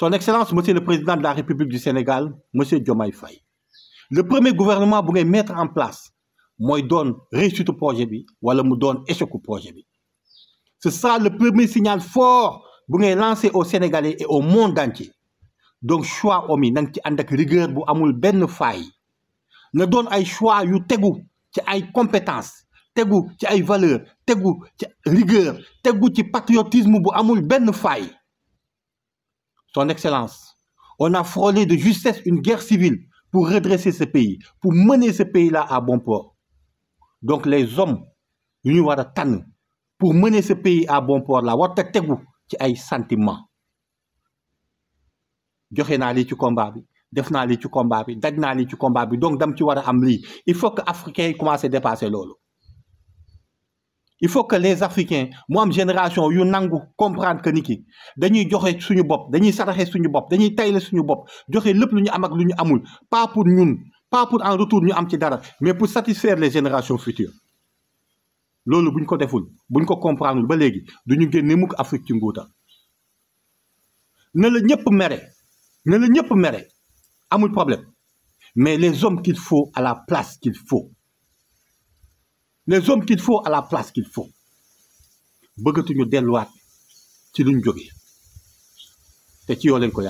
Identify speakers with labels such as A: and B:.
A: Son Excellence, Monsieur le Président de la République du Sénégal, Monsieur Diomaye Faye le premier gouvernement vous mettre en place mooy donne réussite projet ou wala mu donne échec projet ce sera le premier signal fort vous lancé lancer aux Sénégalais et au monde entier donc choix Omi, yi rigueur pour amul ben faille na donne ay choix yu tegu ci ay compétences tegu ci ay valeurs tegu ci rigueur tegu ci patriotisme pour amul ben faille son Excellence, on a frôlé de justesse une guerre civile pour redresser ce pays, pour mener ce pays-là à bon port. Donc les hommes, ñu war a pour mener ce pays à bon port là warta tegu ci ay sentiment joxe sentiments. lii ci combat bi def tu lii ci combat bi daj combat bi donc dam ci wara am li. il faut que africains commencent à dépasser loolu il faut que les africains moi am génération yu nangou comprendre que niki dañuy joxe suñu bop dañuy saraxe suñu bop dañuy tayle suñu bop joxe lepp luñu am ak luñu amul pas pour ñun pas pour en retour ñu am ci dara mais pour satisfaire les générations futures lolu buñ ko deful buñ ko comprendre ba légui duñu génne mukk Afrique ci nguuta na la ñëpp mere na la ñëpp mere amul problème mais les hommes qu'il faut à la place qu'il faut les hommes qu'il faut à la place qu'il faut bëggatuñu delluwaat ci luñ jóge
B: C'est ci yoo leen ko